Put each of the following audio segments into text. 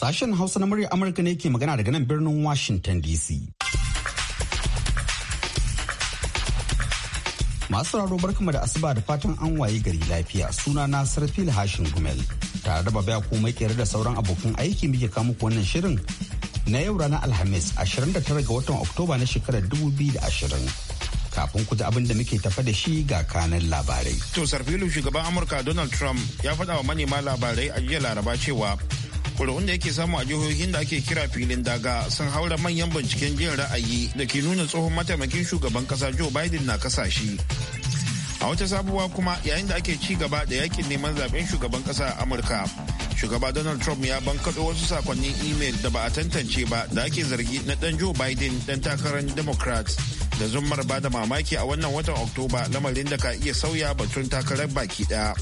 Sashen Hausa na muryar Amurka ne ke magana daga nan birnin Washington DC. Masu raro barkama da asuba da fatan an waye gari lafiya suna na Sarfil Hashin Gumel. Tare da babaya ko mai da sauran abokan aiki muke kamu wannan shirin na yau ranar Alhamis 29 ga watan Oktoba na shekarar 2020. kafin ku ji abin da muke tafa da shi ga kanan labarai. To sarfilu shugaban Amurka Donald Trump ya faɗa wa manema labarai a jiya laraba cewa ƙuri'un da yake samu a jihohin da ake kira filin daga sun haura manyan binciken jin ra'ayi da ke nuna tsohon mataimakin shugaban kasa joe biden na kasashe a wata sabuwa kuma yayin da ake ci gaba da yakin neman zaben shugaban kasa a amurka shugaba donald trump ya bankaɗo wasu sakonnin imel da ba a tantance ba da ake zargi na ɗan joe biden dan takarar democrat da zummar ba da mamaki a wannan watan oktoba lamarin da ka iya sauya batun takarar baki ɗaya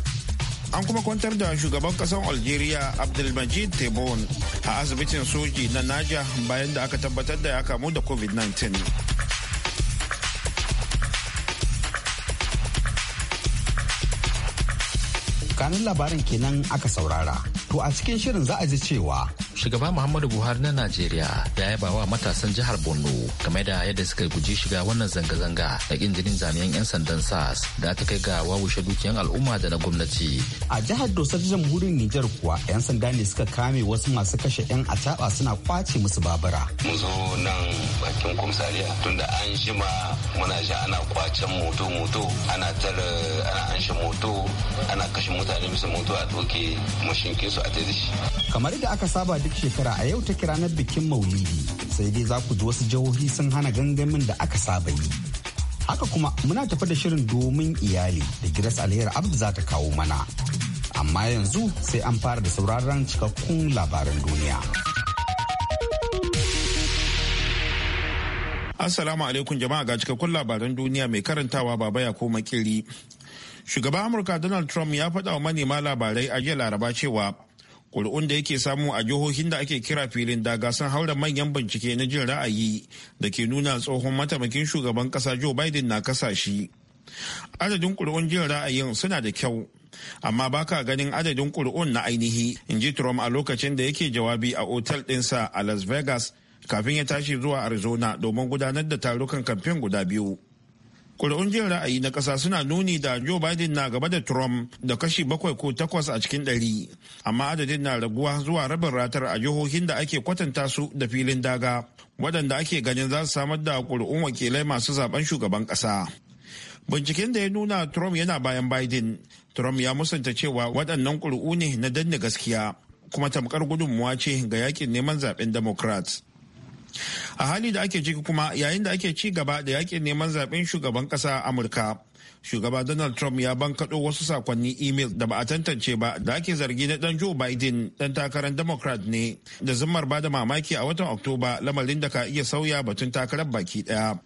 an kuma kwantar da shugaban kasar algeria abdulmajid tebon a asibitin soji na naja bayan da aka tabbatar da ya kamu da covid-19 kanin labarin kenan aka saurara to a cikin shirin za a ji cewa shugaba muhammadu buhari na najeriya ya yaba wa matasan jihar borno game da yadda suka guji shiga wannan zanga-zanga da kin jinin jami'an 'yan sandan sas da ta kai ga wawushe dukiyan al'umma da na gwamnati a jihar dosar jamhuriyar nijar kuwa 'yan sanda ne suka kame wasu masu kashe 'yan taɓa suna kwace musu babura mun zo nan bakin kumsariya tunda an jima muna ji ana kwacen moto-moto ana tare ana an shi moto ana kashe mutane bisa moto a doke mashin su a tare kamar da aka saba duk shekara a yau take ranar bikin maulidi sai dai za ku ji wasu jihohi sun hana gangamin da aka saba yi haka kuma muna tafi da shirin domin iyali da giras alheri abdu za ta kawo mana amma yanzu sai an fara da sauraron cikakkun labaran duniya assalamu alaikum jama'a ga cikakkun labaran duniya mai karantawa baba ya koma makiri shugaban amurka donald trump ya faɗa wa manema labarai a jiya laraba cewa ƙuri'un da yake samu a jihohin da ake kira filin daga sun haura manyan bincike na jin ra'ayi da ke nuna tsohon mataimakin shugaban ƙasa joe biden na kasa adadin ƙuri'un jin ra'ayin suna da kyau amma baka ganin adadin ƙuri'un na ainihi in ji trump a lokacin da yake jawabi a otal sa a las vegas kafin ya tashi zuwa arizona domin gudanar da tarukan kamfen guda biyu kuri'un jin ra'ayi na ƙasa suna nuni da Joe Biden na gaba da Trump da kashi bakwai ko takwas a cikin ɗari, amma adadin na raguwa zuwa rabin ratar a jihohin da ake kwatanta su da filin daga, waɗanda ake ganin za su samar da ƙuri'un wakilai masu zaben shugaban ƙasa. Binciken da ya nuna Trump yana bayan Biden, Trump ya musanta cewa waɗannan kuri'u ne na danne gaskiya, kuma tamkar gudunmuwa ce ga yakin neman zaben Democrats. a hali da ake ciki kuma yayin da ake ci gaba da yakin neman zaben shugaban kasa amurka shugaba donald trump ya bankaɗo wasu sakonni imel da ba a tantance ba da ake zargi na dan joe biden dan takarar democrat ne da zimmar ba da mamaki a watan oktoba lamarin da ka iya sauya batun takarar baki daya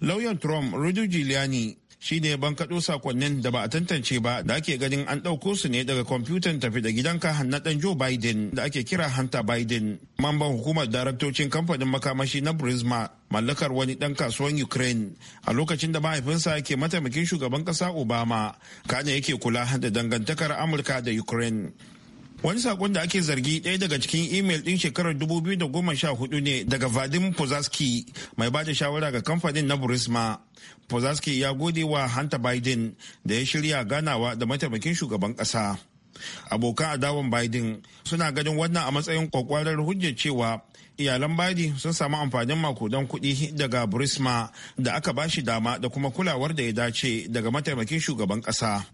lauyan trump rudy giuliani shi ban bankaɗo sakonnin da ba a tantance ba da ake ganin an ɗauko su ne daga kwamfutan tafi da gidanka na ɗan Joe Biden da ake kira Hunter Biden. Mamban hukumar daraktocin kamfanin makamashi na Burisma mallakar wani ɗan kasuwan Ukraine a lokacin da mahaifinsa ke mataimakin shugaban ƙasa Obama kane yake kula da dangantakar Amurka da Ukraine. wani sakon da ake zargi ɗaya daga cikin imel ɗin shekarar 2014 ne daga vadim pozaski mai bada shawara ga kamfanin na burisma pozaski ya gode wa hanta biden da ya shirya ganawa da mataimakin shugaban ƙasa abokan adawan biden suna ganin wannan a matsayin kwakwarar hujjar cewa iyalan biden sun samu amfanin makudan kuɗi daga burisma da aka bashi dama da kuma kulawar da ya dace daga mataimakin shugaban ƙasa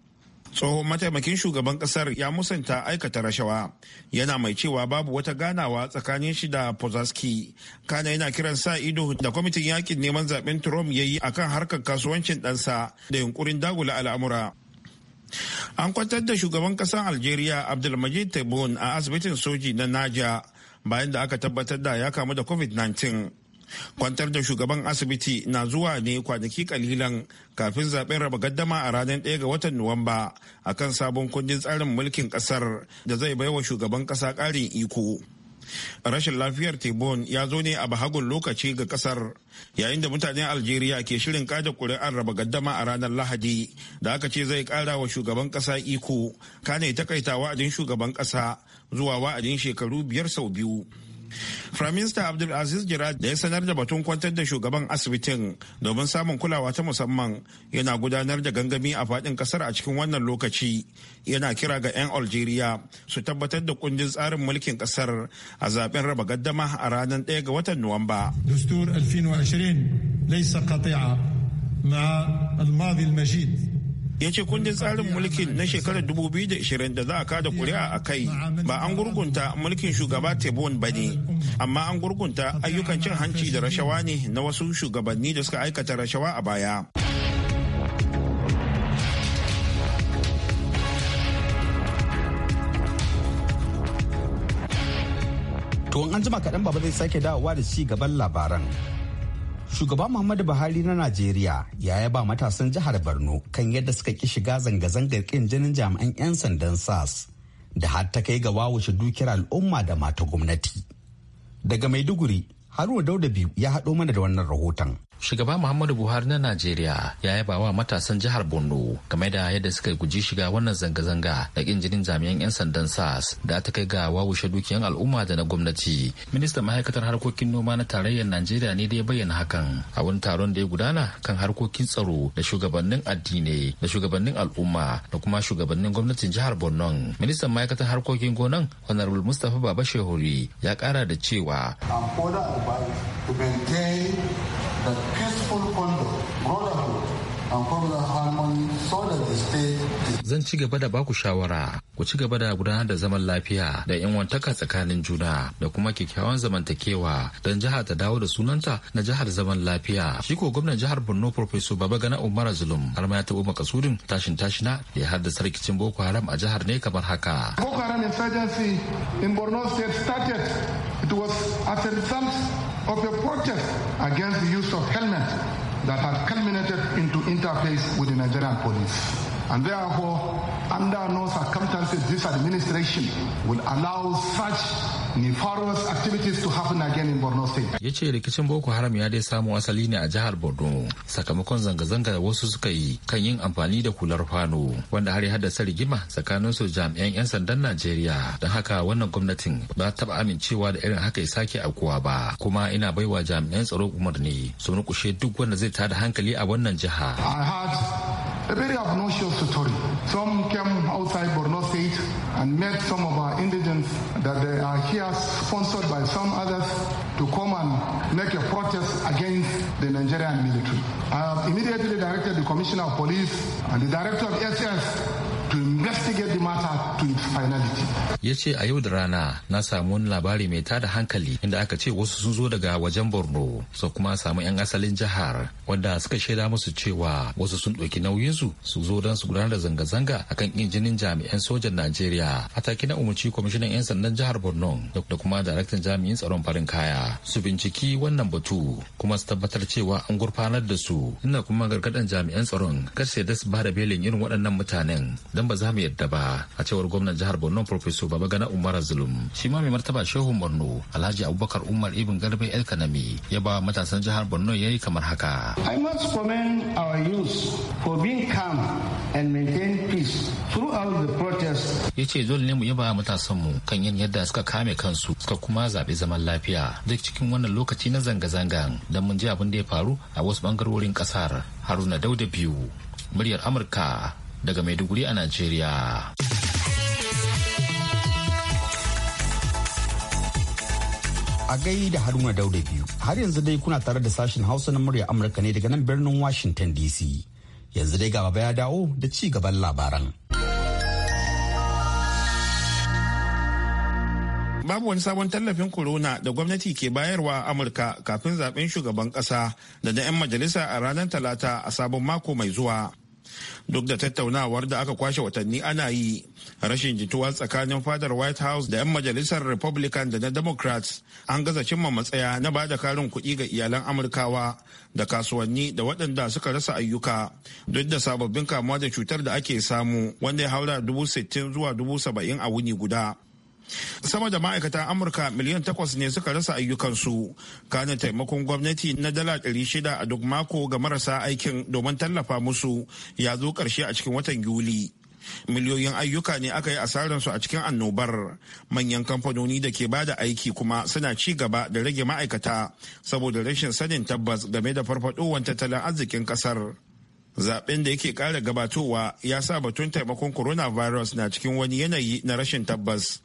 tsohon mataimakin shugaban kasar ya musanta aikata rashawa yana mai cewa babu wata ganawa tsakanin shi da pozaski kana yana kiran sa ido da kwamitin yakin neman zaben trump ya yi akan harkar kasuwancin ɗansa da yunkurin dagula al'amura an kwantar da shugaban kasar algeria abdulmajid tebun a asibitin soji na naja bayan da aka tabbatar da ya kamu da covid-19 kwantar da shugaban asibiti na zuwa ne kwanaki kalilan kafin zaben raba gaddama a ranar 1 ga watan nuwamba a kan sabon kundin tsarin mulkin kasar da zai baiwa shugaban kasa karin iko rashin lafiyar tebon ya zo ne a bahagun lokaci ga kasar yayin da mutanen algeria ke shirin kada kuri'ar raba gaddama a ranar lahadi da aka ce zai kara wa shugaban kasa iko kane takaita wa'adin shugaban kasa zuwa wa'adin shekaru biyar sau biyu Firaminista Abdul Abdulaziz Jiraj da ya sanar da batun kwantar da shugaban asibitin domin samun kulawa ta musamman yana gudanar da gangami a faɗin ƙasar a cikin wannan lokaci yana kira ga 'yan Algeria su tabbatar da kundin tsarin mulkin ƙasar a zaben raba gaddama a ranar 1 ga watan Nuwamba. Dustur 2020 laysa qati'a ma al-madi al-majid ya ce kundin tsarin mulkin na shekarar 2020 da za a kada kuri'a a kai ba an gurgunta mulkin shugaba tebon ba ne amma an gurgunta ayyukan cin hanci da rashawa ne na wasu shugabanni da suka aikata rashawa a baya To an jima kaɗan baba zai sake dawowa da ci gaban labaran. shugaba muhammadu buhari na najeriya ya yaba matasan jihar borno kan yadda suka ki shiga zanga-zangar kin jinin jami'an 'yan sandan sas da har ta kai ga wawashe dukiyar al'umma da mata gwamnati daga maiduguri haruna dauda biyu ya haɗo mana da wannan rahoton shugaba muhammadu buhari na najeriya ya yaba wa matasan jihar borno game da yadda suka guji shiga wannan zanga-zanga da kin jinin jami'an 'yan sandan sas da ta kai ga wawushe dukiyan al'umma da na gwamnati ministan ma'aikatar harkokin noma na tarayyar najeriya ne da ya bayyana hakan a wani taron da ya gudana kan harkokin tsaro da shugabannin Addini, da shugabannin al'umma da kuma shugabannin gwamnatin jihar borno ministan ma'aikatar harkokin gonan honorable mustapha baba shehuri ya kara da cewa to maintain that peaceful conduct, brotherhood, and popular harmony so that the state is... Zan ci gaba da baku shawara, ku ci gaba da gudanar da zaman lafiya da yan wantaka tsakanin juna da kuma kyakkyawan zamantakewa don jiha ta dawo da sunanta na jihar zaman lafiya. Shi ko gwamnan jihar Borno Professor gana Umar Zulum har ma ya taɓo makasudin tashin tashina da ya haddasa rikicin Boko Haram a jihar ne kamar haka. Boko Haram insurgency in Borno state started. It was as a result of the protest against the use of helmets that had culminated into interface with the Nigerian police. And therefore, under no circumstances, this administration will allow such nefarious activities to happen again in Borno State. Ya ce rikicin Boko Haram ya dai samu asali ne a jihar Borno sakamakon zanga-zanga wasu suka yi kan yin amfani da kular fano wanda har ya haddasa rigima tsakanin su jami'an 'yan sandan Najeriya don haka wannan gwamnatin ba ta taba amincewa da irin haka ya sake aukuwa ba kuma ina baiwa jami'an tsaro umarni su nukushe duk wanda zai tada hankali a wannan jiha. I had a very obnoxious story. Some came outside Borno and made some of our indigents that they are here sponsored by some others to come and make a protest against the Nigerian military. I have immediately directed the Commissioner of Police and the Director of SS to investigate the matter to its finality. Ya ce a yau da rana na samu wani labari mai tada hankali inda aka ce wasu sun zo daga wajen Borno su kuma samu 'yan asalin jihar wanda suka shaida musu cewa wasu sun ɗauki nauyinsu su zo don su gudanar da zanga-zanga akan ƙin jinin jami'an sojan Najeriya. Ataki na umarci kwamishinan 'yan sandan jihar Borno da kuma daraktan jami'in tsaron farin kaya su binciki wannan batu kuma su tabbatar cewa an gurfanar da su. Ina kuma gargadin jami'an tsaron kar sai da su ba da belin irin waɗannan mutanen don ba za mu yadda a cewar gwamnan jihar borno professor babagana umar zulum shi ma mai martaba shehun borno alhaji abubakar umar ibn garba el kanami ya ba matasan jihar borno ya yi kamar haka i must commend our youth for being calm and maintain peace throughout the protest ya ce dole ne mu yaba matasan mu kan yin yadda suka kame kansu suka kuma zaɓi zaman lafiya duk cikin wannan lokaci na zanga-zangan don mun ji abin da ya faru a wasu bangarorin ƙasar haruna dauda biyu muryar amurka daga Maiduguri a Najeriya. A gai da Haruna Dauda biyu, har yanzu dai kuna tare da sashen Hausa na murya Amurka ne daga nan birnin Washington DC. Yanzu dai gaba ya dawo da ci gaban labaran. babu wani sabon tallafin corona da gwamnati ke bayarwa amurka kafin zaben shugaban ƙasa da na 'yan majalisa a ranar talata a sabon mako mai zuwa duk da tattaunawar da aka kwashe watanni ana yi rashin jituwa tsakanin fadar white house da 'yan majalisar republican da na democrats an gaza cimma matsaya na ba da karin kuɗi ga iyalan amurkawa da kasuwanni da waɗanda suka rasa ayyuka duk da sababbin kamuwa da cutar da ake samu wanda ya haura dubu sittin zuwa dubu saba'in a wuni guda sama da ma'aikatan amurka miliyan takwas ne suka rasa ayyukansu kanin taimakon gwamnati na dala ɗari shida a duk mako ga marasa aikin domin tallafa musu ya zo ƙarshe a cikin watan yuli miliyoyin ayyuka ne aka yi asararsu a cikin annobar manyan kamfanoni da ke bada aiki kuma suna ci gaba da rage ma'aikata saboda rashin sanin tabbas game da farfadowar tattalin arzikin kasar zaben da yake kara gabatowa ya sa batun taimakon coronavirus na cikin wani yanayi na rashin tabbas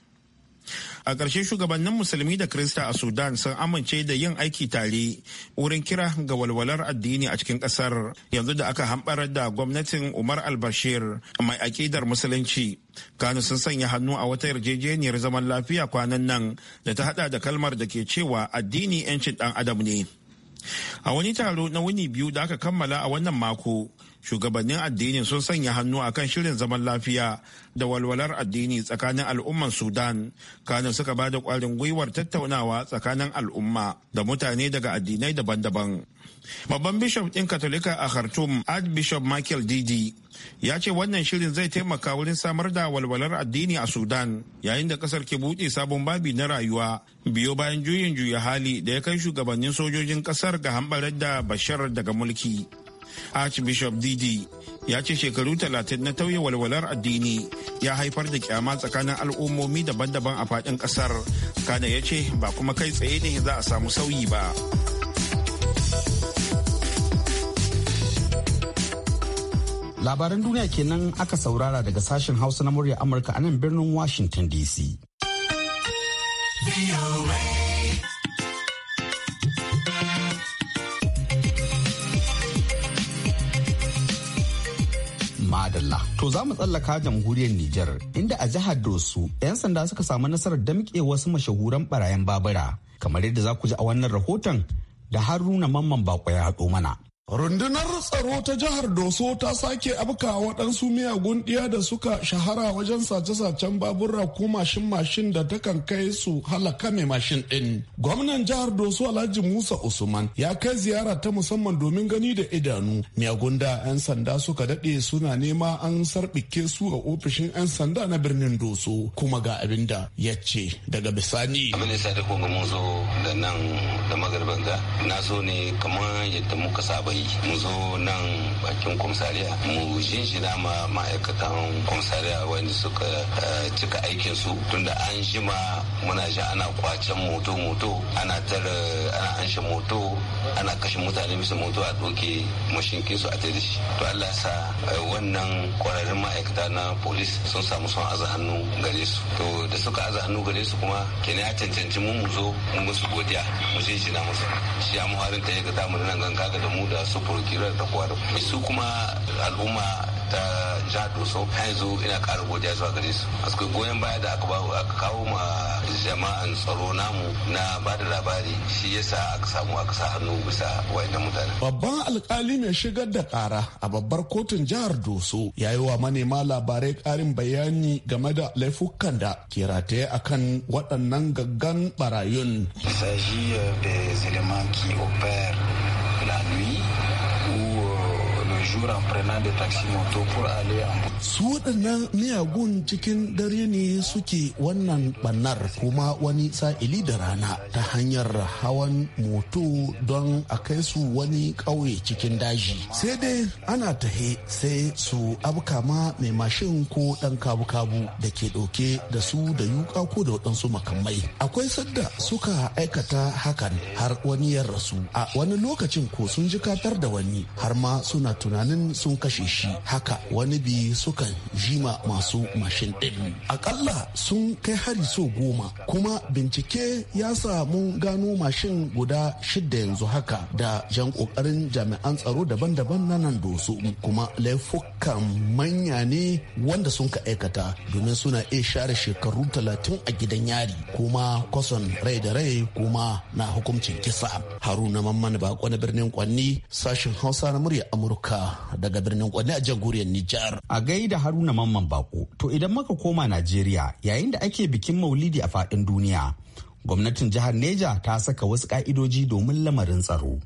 a ƙarshe shugabannin musulmi da krista a sudan sun amince da yin aiki tare wurin kira ga walwalar addini a cikin ƙasar yanzu da aka hambar da gwamnatin umar al-bashir mai aƙidar musulunci kanu sun sanya hannu a wata yarjejeniyar zaman lafiya kwanan nan da ta hada da kalmar da ke cewa addini 'yancin ɗan adam ne a wani taro na wuni biyu da aka kammala a wannan mako shugabannin addini sun sanya hannu akan shirin zaman lafiya da walwalar addini tsakanin al'umman sudan kanin suka ba da kwarin gwiwar tattaunawa tsakanin al'umma da mutane daga addinai daban-daban babban bishop ɗin katolika a khartoum archbishop michael didi ya ce wannan shirin zai taimaka wurin samar da walwalar addini a sudan yayin da kasar ke buɗe sabon babi na rayuwa biyo bayan juyin juya hali da ya kai shugabannin sojojin kasar ga hambarar da bashar daga mulki archbishop didi ya ce shekaru talatin na tauye walwalar addini ya haifar da kyama tsakanin al'ummomi daban-daban a faɗin ƙasar kana ya ce ba kuma kai tsaye ne za a samu sauyi ba labaran duniya kenan aka saurara daga sashen hausa na murya amurka a nan birnin washington dc To za mu tsallaka jamhuriyar Nijar inda a jihar Dosu 'yan sanda suka samu nasarar damƙe wasu mashahuran barayan babura kamar yadda za ku ji a wannan rahoton da Haruna Mamman Bako ya haɗo mana. Rundunar tsaro ta jihar Doso ta sake abka waɗansu miyagun ɗiya da suka shahara wajen sace-sacen babura ko mashin-mashin da takan kai su halaka mai mashin ɗin. Gwamnan jihar Doso Alhaji Musa Usman ya kai ziyara ta musamman domin gani da idanu. Miyagun da 'yan sanda suka daɗe suna nema an sarɓike su a ofishin 'yan sanda na birnin Doso kuma ga abin da ya ce daga bisani. Abin da sa da nan da magarbanga na so ne kamar yadda muka saba yi mu zo nan bakin komisariya mu jinjina ma ma'aikatan komisariya wanda suka eh, cika aikin su tunda an ma muna shi ana kwacen moto moto ana tara ana an shi moto ana kashe mutane bisa moto a doke mashinkin su a tare shi to Allah sa eh, wannan kwararrun ma'aikata na polis sun samu son aza hannu gare su to da suka aza hannu gare su kuma kenan ya cancanci mu mu zo mu musu godiya mu jinjina musu shi ya muharin ta ya ga tamu nan ganga da mu da masu burkirar da kwaro su kuma al'umma ta jihar doso yanzu ina ƙara godiya zuwa gare su akwai goyon baya da aka kawo ma jama'an tsaro namu na ba da labari shi yasa aka samu aka sa hannu bisa wayannan mutane babban alkali mai shigar da ƙara a babbar kotun jihar doso ya yi wa manema labarai ƙarin bayani game da laifukan da ke rataye a kan waɗannan gaggan barayun. Il s'agit euh, éléments qui da taxi moto pour aller su waɗannan miyagun cikin dare ne suke wannan bannar kuma wani sa'ili da rana ta hanyar hawan moto don a kai su wani ƙauye cikin daji sai dai ana tahe sai su abka ma mai mashin ko ɗan kabu-kabu da ke ɗauke da su da yuka ko da waɗansu makamai akwai sadda suka aikata hakan har wani ya rasu a wani lokacin ko sun jikatar da wani har ma suna tunanin tamanin sun kashe shi haka wani bi sukan jima masu mashin din akalla sun kai hari so goma kuma bincike ya samu gano mashin guda shidda yanzu haka da jan kokarin jami'an tsaro daban-daban na nan doso kuma laifukan manya ne wanda sun ka aikata domin suna iya share shekaru talatin a gidan yari kuma kwason rai da rai kuma na hukuncin kisa haruna mamman bako na birnin kwanni sashen hausa na murya amurka daga birnin Kwanne a jamhuriyar Nijar. A gaida Haruna Mamman Bako, to idan maka koma Najeriya yayin da ake bikin Maulidi a faɗin duniya, gwamnatin jihar Neja ta saka wasu ka'idoji domin lamarin tsaro.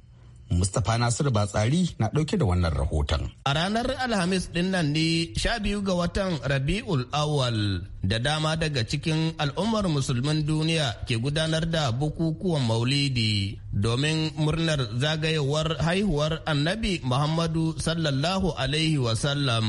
Mustapha Nasiru Batsari na ɗauke da wannan rahoton. A ranar Alhamis ɗin nan ne sha biyu ga watan Rabi'ul Awal da dama daga cikin al'ummar musulmin duniya ke gudanar da bukukuwan maulidi domin murnar zagayewar haihuwar annabi Muhammadu sallallahu alaihi wasallam.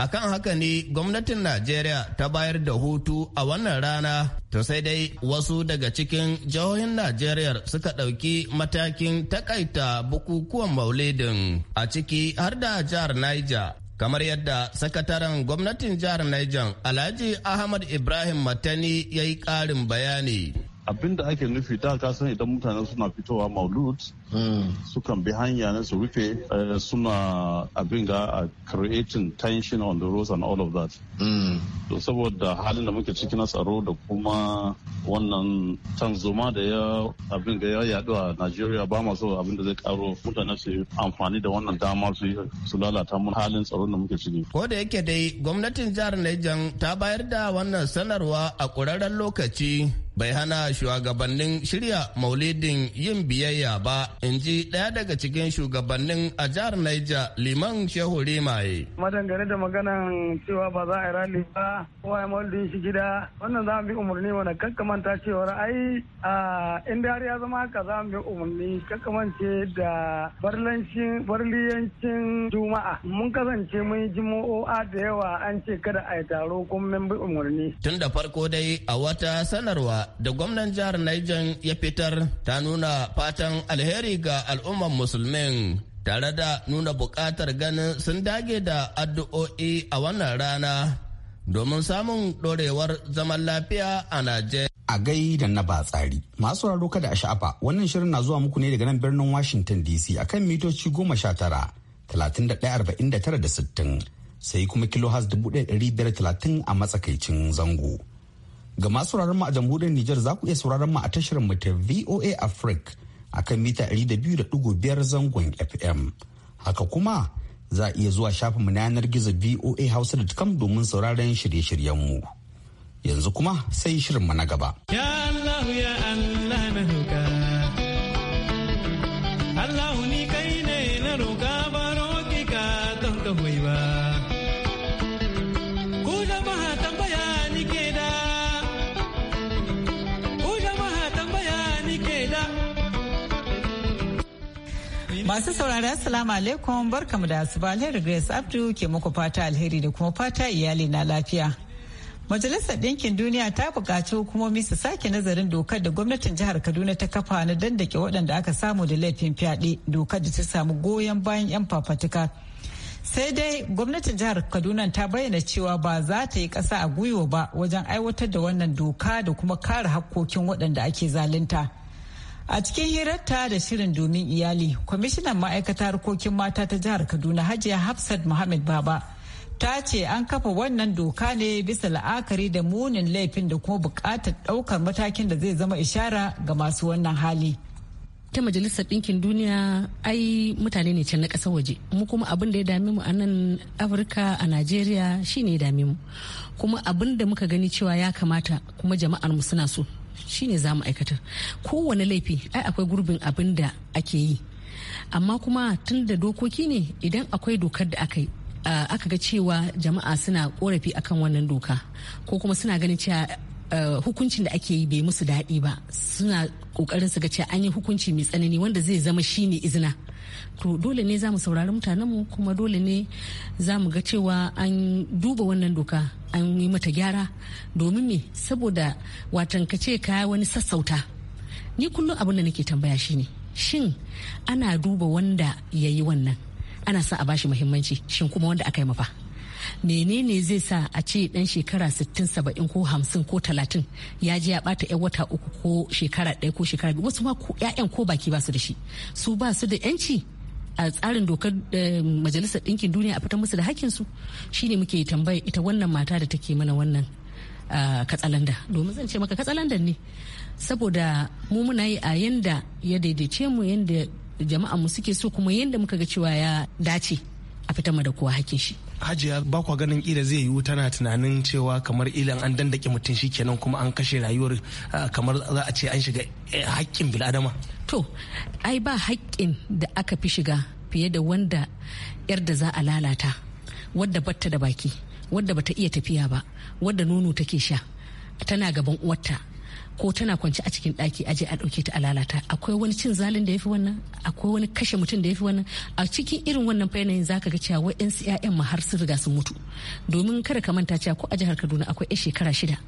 A kan haka ne gwamnatin najeriya ta bayar da hutu a wannan rana to sai dai wasu daga cikin jihohin najeriya suka ɗauki matakin takaita bukukuwan maulidin a ciki har da jihar niger kamar yadda sakataren gwamnatin jihar niger alhaji ahmad ibrahim matani ya yi ƙarin bayani abin da ake nufi da ka san idan mutane suna fitowa maulud hmm. sukan bi hanya na su rufe eh, suna abin ga a ah, creating tension on the roads and all of that hmm. to saboda halin da muke ciki na tsaro da kuma wannan tanzoma da ya abin ga ya yadu a Nigeria ba masu abin da zai karo mutane su amfani da wannan dama su lalata mun halin tsaro da muke ciki ko da yake dai gwamnatin jihar Niger ta bayar da wannan sanarwa a ƙurarren lokaci bai hana shugabannin shirya maulidin yin biyayya ba in ji ɗaya daga cikin shugabannin a jihar Niger liman shehu rimaye. Madangane da maganan cewa ba za a yi rali ba kowa ya maulidin shi gida wannan za mu bi umarni wani kakkamanta cewa a in har ya zama haka za mu bi umarni ce da barliyancin juma'a mun kasance mun yi jimo'o'a da yawa an ce kada a yi taro kuma mun bi umarni. Tun da farko dai a wata sanarwa da gwamnan jihar Niger ya fitar ta nuna fatan alheri ga al'ummar musulmin tare da nuna buƙatar ganin sun dage da addu'o'i a wannan rana domin samun ɗorewar zaman lafiya a Najeriya. A gai da na ba tsari. Masu sauraro kada a sha'afa wannan shirin na zuwa muku ne daga nan birnin Washington DC akan mitoci goma sha tara, talatin da ɗaya arba'in da tara da sittin, sai kuma kilohas dubu ɗaya ɗari biyar talatin a matsakaicin zango. Ga masu sauraron mu a jamhuriyar Nijar za ku iya sauraron mu a tashar mu ta VOA Africa akan mita 200.5 zangon FM. Haka kuma za a iya zuwa shafin mu na yanar gizo VOA Hausa.com domin sauraron shirye-shiryen mu. Yanzu kuma sai shirin mu na gaba. Masu saurari Assalamu alaikum barkamu da asuba alheri Grace Abdu ke muku fata alheri da kuma fata iyali na lafiya. Majalisar Ɗinkin Duniya ta buƙaci hukumomi su sake nazarin dokar da gwamnatin jihar Kaduna ta kafa na dandake waɗanda aka samu da laifin fyaɗe dokar da ta samu goyon bayan 'yan fafatuka. Sai dai gwamnatin jihar Kaduna ta bayyana cewa ba za ta yi ƙasa a gwiwa ba wajen aiwatar da wannan doka da kuma kare hakkokin waɗanda ake zalunta. A cikin hirarta da shirin domin iyali, kwamishinan ma'aikatar harkokin mata ta jihar Kaduna Hajiya Hafsat Muhammad Baba ta ce an kafa wannan doka ne bisa la'akari da munin laifin da kuma bukatar daukar matakin da zai zama ishara ga masu wannan hali. ta majalisar ɗinkin duniya ai mutane ne can na ƙasar waje mu kuma abin da ya dame mu a nan afirka a najeriya shine ya dame mu kuma abin da muka gani cewa ya kamata kuma jama'ar mu suna so shine za mu aikatar kowane laifi ai akwai gurbin abin da ake yi amma kuma tun da dokoki ne idan akwai dokar da aka yi aka ga cewa jama'a suna korafi akan wannan doka ko kuma suna ganin cewa hukuncin da ake yi bai musu daɗi ba suna ƙoƙarin su ga cewa an yi hukunci mai tsanani wanda zai zama shine izina to dole ne za mu saurari mutanenmu kuma dole ne za mu ga cewa an duba wannan doka an yi mata gyara domin me saboda watan ka ce ka wani sassauta ni kullum abin da nake tambaya shi ne shin ana duba wanda ya yi wannan ana sa a bashi muhimmanci shin kuma wanda aka yi mafa menene zai sa a ce dan shekara 60 70 ko 50 ko 30 ya je ya bata yan wata uku ko shekara ɗaya ko shekara biyu wasu ma ƴaƴan ko baki ba su da shi su ba su da yanci a tsarin dokar eh, majalisar ɗinkin duniya a fitar musu da shi shine muke tambaya ita wannan mata da take mana wannan katsalanda domin zan ce maka katsalandan ne saboda mu muna yi a yanda ya daidaice mu yanda jama'a mu suke so kuma yanda muka ga cewa ya dace a fitar da kowa hakin shi hajiya ba kwa ganin kila zai yiwu tana tunanin cewa kamar ilan an dandake mutum shi kenan kuma an kashe rayuwar kamar za a ce an shiga eh, hakkin bil'adama to ai ba haƙƙin da aka fi shiga fiye da wanda yar da za a lalata wadda batta da baki wadda bata iya tafiya ba wadda nono take sha tana gaban uwarta ko tana kwance a cikin ɗaki aje a ɗauke ta a lalata akwai wani cin zalin da ya fi wannan akwai wani kashe mutum da ya fi wannan a cikin irin wannan fayyanayin zaka ga cewa wa'yansu 'ya'yan ma har sun riga sun mutu domin kada ka manta cewa ko a jihar kaduna akwai 'yan shekara shida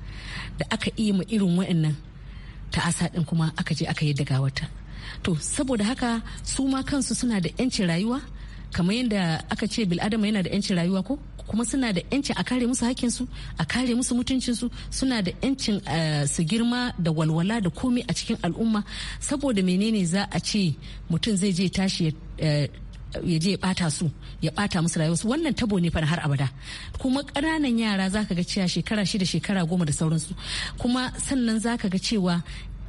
da aka iya ma irin wa'annan ta'asa ɗin kuma aka je aka yi da gawarta to saboda haka su ma kansu suna da yancin rayuwa kamar yadda aka ce bil'adama yana da yancin rayuwa ko kuma suna da yancin a kare musu hakinsu a kare musu mutuncinsu suna da yancin eh, su girma da walwala da komai a cikin al'umma saboda menene za a ce mutum zai je tashi eh, ya je ya bata su ya bata musu rayuwarsu wannan tabo ne har abada kuma ƙananan yara zaka ga cewa shekara shida shekara goma da sauransu kuma sannan zaka ga cewa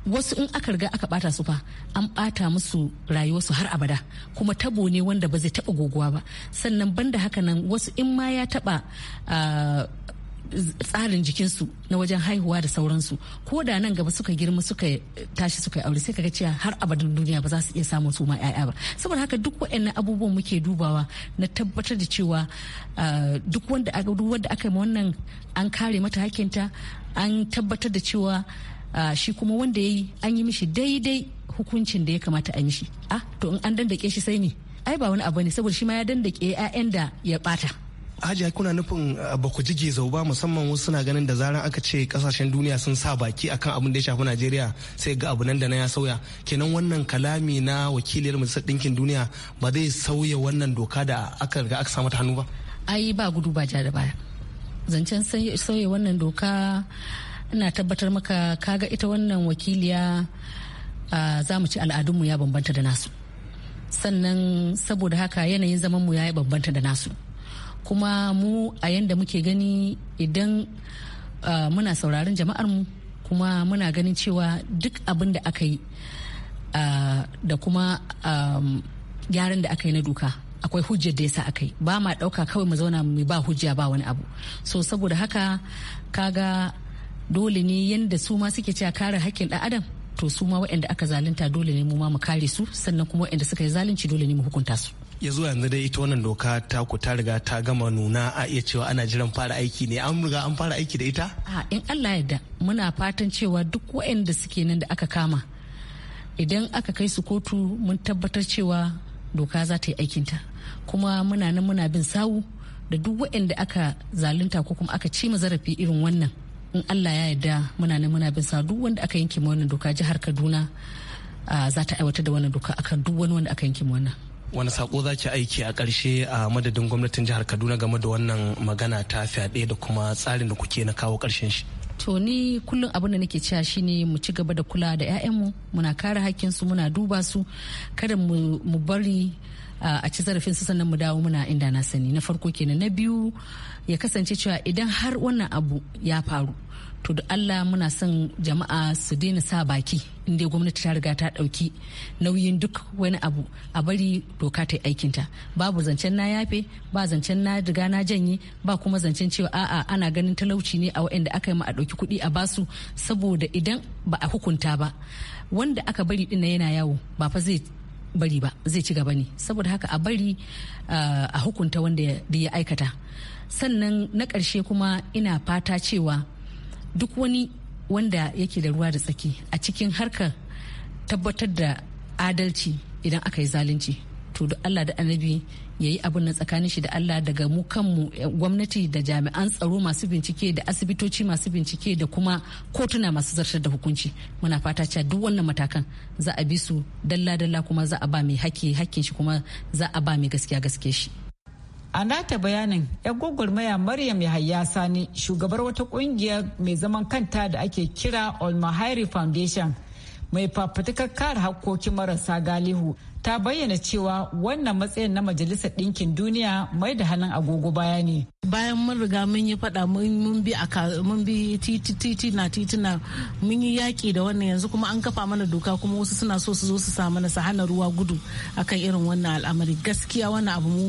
wasu in aka riga aka bata su fa an bata musu rayuwarsu har abada kuma tabo ne wanda ba zai taba goguwa ba sannan banda haka nan wasu in ma ya taba ah, tsarin jikinsu na wajen haihuwa da sauransu ko da nan gaba suka girma suka tashi suka aure sai kaga cewa har abadin duniya ba za su iya samun su ma 'ya'ya ba saboda haka duk waɗannan abubuwan muke dubawa na tabbatar da cewa ah, duk wanda aka duk wanda wannan an kare mata hakinta an tabbatar da cewa Ah, shi kuma wanda ya yi an yi mishi daidai hukuncin da ya kamata a mishi a ah, to in an dandake shi sai ne ai ba wani abu ne saboda shi ma ya dandake 'ya'yan da ya bata Hajiya kuna nufin ah, ba ku jige zau ba musamman wasu suna ganin da zaran aka ce kasashen duniya sun sa baki akan abin da ya shafi Najeriya sai ga abu nan da na ya sauya. Kenan wannan kalami na wakiliyar Majalisar dinkin Duniya ba zai sauya wannan doka da aka riga aka samu ta hannu ba? Ai ba gudu ba ja da baya. Zancen sauya wannan doka ina tabbatar maka kaga ita wannan wakiliya za mu ci al'adunmu ya bambanta da nasu sannan saboda haka yanayin zamanmu ya yi bambanta da nasu kuma mu a yanda muke gani idan muna sauraron mu kuma muna ganin cewa duk abin da aka yi da kuma gyaran da aka yi na doka akwai hujjar da ya sa aka yi ba ma ɗauka kawai mu zauna mu ba hujja ba wani abu so saboda haka kaga dole ne yadda su ma suke cewa kare hakkin ɗan adam to su ma waɗanda aka zalunta dole ne mu ma mu kare su sannan kuma waɗanda suka yi zalunci dole ne mu hukunta su ya zuwa yanzu dai ita wannan doka ta ku ta riga ta gama nuna a iya cewa ana jiran fara aiki ne an riga an fara aiki da ita a in Allah yadda muna fatan cewa duk waɗanda suke nan da aka kama idan aka kai su kotu mun tabbatar cewa doka za ta yi aikinta kuma muna nan muna bin sawu da duk waɗanda aka zalunta ko kuma aka ci zarafi irin wannan in allah ya yarda muna nan muna bin sa duk wanda aka yanke mu wannan doka jihar kaduna za ta aiwatar da wannan doka akan duk wani wanda aka yanke mu wannan wani sako za ki aiki a ƙarshe a madadin gwamnatin jihar kaduna game da wannan magana ta fyaɗe da kuma tsarin da kuke na kawo ƙarshen shi to ni kullum abin da nake cewa shine mu ci gaba da kula da mu muna kare su muna duba su kada mu bari a ci zarafin su sannan mu dawo muna inda na sani na farko kenan na biyu ya kasance cewa idan har wannan abu ya faru to da allah muna son jama'a su daina sa baki inda gwamnati ta riga ta ɗauki nauyin duk wani abu a bari doka ta aikinta babu zancen na yafe ba zancen na riga na janye ba kuma zancen cewa a'a ana ganin talauci ne a waɗanda aka yi ma a ɗauki kuɗi a basu saboda idan ba a hukunta ba wanda aka bari dinna yana yawo ba fa zai bari ba zai ci gaba ne saboda haka a bari a hukunta wanda ya aikata sannan na karshe kuma ina fata cewa duk wani wanda yake da ruwa da tsaki a cikin harkar tabbatar da adalci idan aka yi zalunci to da Allah da annabi ya yi abin nan tsakanin shi da Allah daga mu kanmu eh, gwamnati da jami'an tsaro masu bincike da asibitoci masu bincike da kuma kotuna masu zartar da hukunci muna fata cewa duk wannan matakan za a bi su dalla-dalla kuma za a ba mai hakki hakkin shi kuma za a ba mai gaskiya gaske shi A nata bayanin, 'yan gwagwarmaya Maryam Yahaya Sani, shugabar wata kungiyar mai zaman kanta da ake kira olmahari Foundation, mai fafutukar kare hakkokin marasa galihu ta bayyana cewa wannan matsayin na majalisar ɗinkin duniya mai da hannun agogo baya ne. bayan mun riga mun yi faɗa mun bi mun bi titina titina mun yi yaƙi da wannan yanzu kuma an kafa mana doka kuma wasu suna so su zo su sa mana hana ruwa gudu akan irin wannan al'amari gaskiya wannan abu mu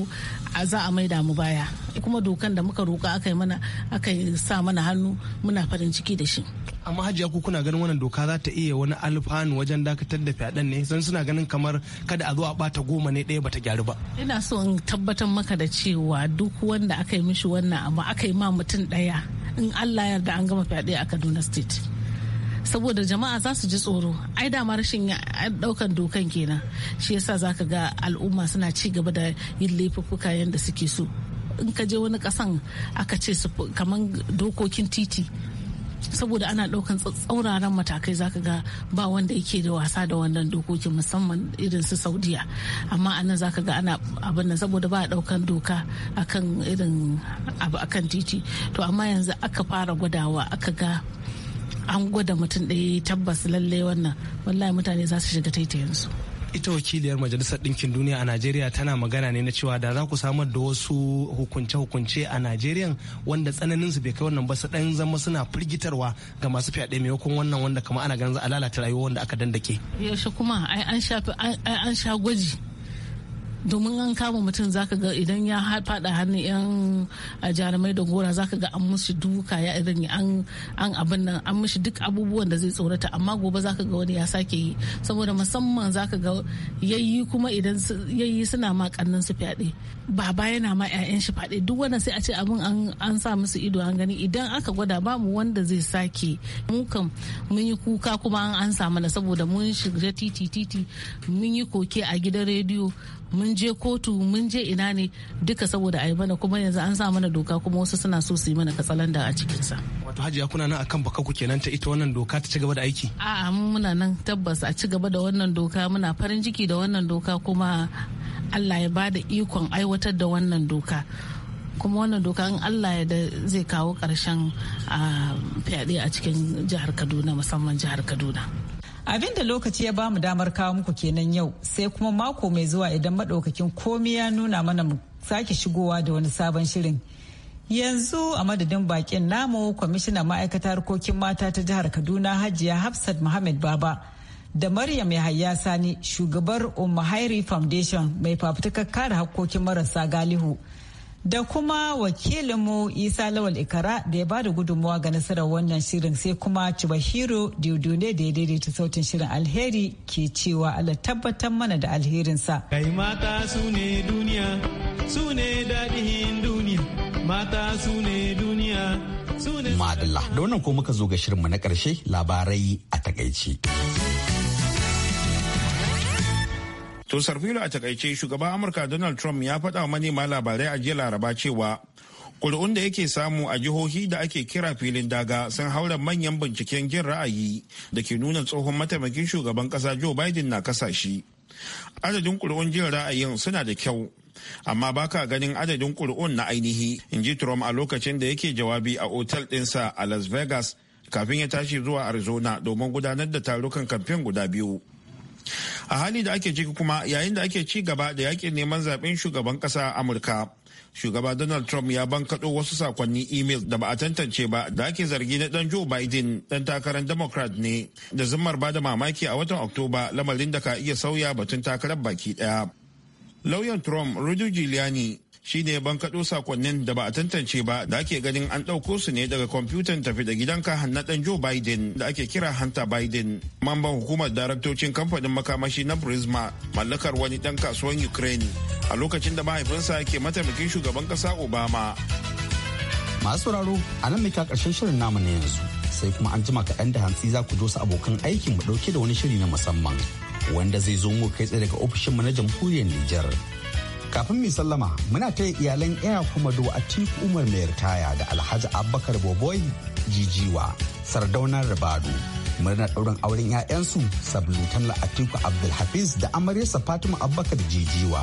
za a maida mu baya kuma dokan da muka roka aka yi mana aka sa mana hannu muna farin ciki da shi amma hajiya ku kuna ganin wannan doka za ta iya wani alfanu wajen dakatar da fyaɗen ne don suna ganin kamar kada da a zo a bata goma ne ɗaya bata gyaru ba ina so in tabbatar maka da cewa duk wanda aka yi mishi wannan abu aka yi ma mutum ɗaya in Allah yarda an gama fyaɗe a Kaduna state saboda jama'a za su ji tsoro ai dama rashin daukan dokan kenan shi yasa zaka ga al'umma suna ci gaba da yin laifuffuka yadda suke so in ka je wani kasan aka ce su kamar dokokin titi saboda ana ɗaukan tsauraran matakai zaka ga ba wanda yake da wasa da wannan dokokin musamman irin su saudiya amma anan zaka ga ana abin nan saboda ba a ɗaukan doka akan irin abu akan titi to amma yanzu aka fara gwadawa aka ga an gwada mutum ɗaya tabbas lallai wannan wallahi mutane za su shiga taitayensu. ita wakiliyar majalisar ɗinkin duniya a najeriya tana magana ne na cewa da za ku samar da wasu hukunce-hukunce a najeriya wanda tsananin su bai kai wannan ba su dan zama suna firgitarwa ga masu fyaɗe maimakon wannan wanda kama ana ganin za a lalata rayuwa wanda aka dandake yaushe kuma an sha gwaji domin an kama mutum zaka ga idan ya fada hannun yan jarumai da gora zaka ga an mushi duka ya irin an abin nan an mushi duk abubuwan da zai tsorata amma gobe zaka ga wani ya sake yi saboda musamman zaka ga yayi kuma idan yayi suna ma kannin su fyaɗe baba yana ma 'ya'yan shi fyaɗe duk wannan sai a ce abin an sa musu ido an gani idan aka gwada bamu wanda zai sake mu kan mun yi kuka kuma an an samu na saboda mun shiga titi titi mun yi koke a gidan rediyo mun je kotu mun je ina ne duka saboda a yi mana kuma yanzu an sa mana doka kuma wasu suna so su yi mana katsalanda a cikinsa. wato hajiya kuna nan akan baka ku kenan ta ita wannan doka ta ci gaba da aiki a'a mun muna nan tabbas a ci gaba da wannan doka muna farin ciki da wannan doka kuma Allah ya bada ikon aiwatar da wannan doka kuma wannan doka in Allah ya da zai kawo ƙarshen ah, fyaɗe a cikin jihar Kaduna musamman jihar Kaduna abin da lokaci ya bamu damar kawo muku kenan yau sai kuma mako mai zuwa idan maɗaukakin komi ya nuna mana mu sake shigowa da wani sabon shirin yanzu a madadin bakin namu kwamishina ma'aikatar harkokin mata ta jihar kaduna hajiya hafsat muhammad baba da maryam yahaya sani shugabar umma hairi foundation mai fafutukar kare harkokin marasa galihu da kuma wakilinmu isa lawal ikara da ya bada gudunmuwa ga nasarar wannan shirin sai kuma cibahiro diodone da ya daidaita sautin shirin alheri ke cewa allah tabbatar mana da alherinsa kai mata su ne duniya su ne daɗin duniya mata su ne duniya su ne da wannan ko muka zo ga shirinmu na ƙarshe labarai a takaici. To Sarfilo a takaice shugaban Amurka Donald Trump ya faɗa manema labarai a jiya Laraba cewa ƙuri'un da yake samu a jihohi da ake kira filin daga sun haura manyan binciken jin ra'ayi da ke nuna tsohon mataimakin shugaban ƙasa Joe Biden na kasashe. Adadin ƙuri'un jin ra'ayin suna da kyau, amma baka ganin adadin ƙuri'un na ainihi, in ji Trump a lokacin da yake jawabi a otal ɗinsa a Las Vegas kafin ya tashi zuwa Arizona domin gudanar da tarukan kamfen guda biyu. a hali da ake ciki kuma yayin da ake ci gaba da yakin neman zaben shugaban kasa a amurka shugaba donald trump ya bankaɗo wasu sakonni email da ba a tantance ba da ake zargi na dan joe biden dan takarar democrat ne da zimmar ba da mamaki a watan oktoba lamarin da ka iya sauya batun takarar baki daya lauyan trump rudy giuliani shine bankaɗo sakonnin da ba a tantance ba da ake ganin an ɗauko su ne daga kwamfutan tafi da gidanka na ɗan Joe Biden da ake kira Hunter Biden. Mamban hukumar daraktocin kamfanin makamashi na Prisma mallakar wani ɗan kasuwan Ukraine a lokacin da mahaifinsa ke mataimakin shugaban ƙasa Obama. Masu sauraro a nan muka karshen shirin namu na yanzu sai kuma an jima kaɗan da hantsi za ku dosa abokan aikin mu ɗauke da wani shiri na musamman wanda zai zo mu kai tsaye daga ofishin mu na jamhuriyar Nijar. kafin mai sallama muna ta iyalan iya kuma do a tiku umar mai Taya da alhaji abubakar boboi jijiwa sardaunar rabadu murnar ɗaurin auren 'ya'yansu sablutan la'atiku abdulhafiz da amaryarsa fatima abubakar jijiwa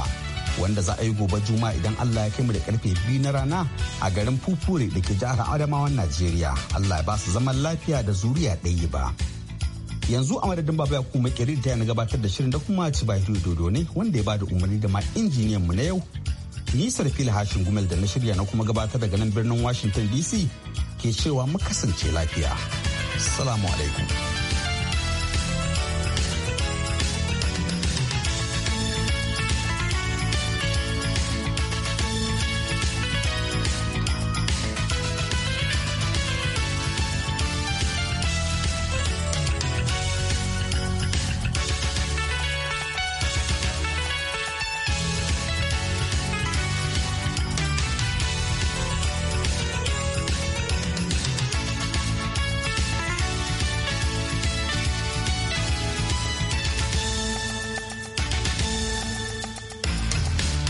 wanda za a yi gobe juma idan allah ya kai mu da karfe biyu na rana a garin fufure da ke jihar adamawan najeriya allah ya ba su zaman lafiya da zuriya ɗaya ba yanzu a madadin baba ya kuma kirin ta yana gabatar da shirin da kuma ci ba dodo ne wanda ya bada umarni da ma injiniyan mu na yau Ni fil hashin gumel da na shirya na kuma gabatar daga nan birnin washington dc ke cewa mu kasance lafiya salamu alaikum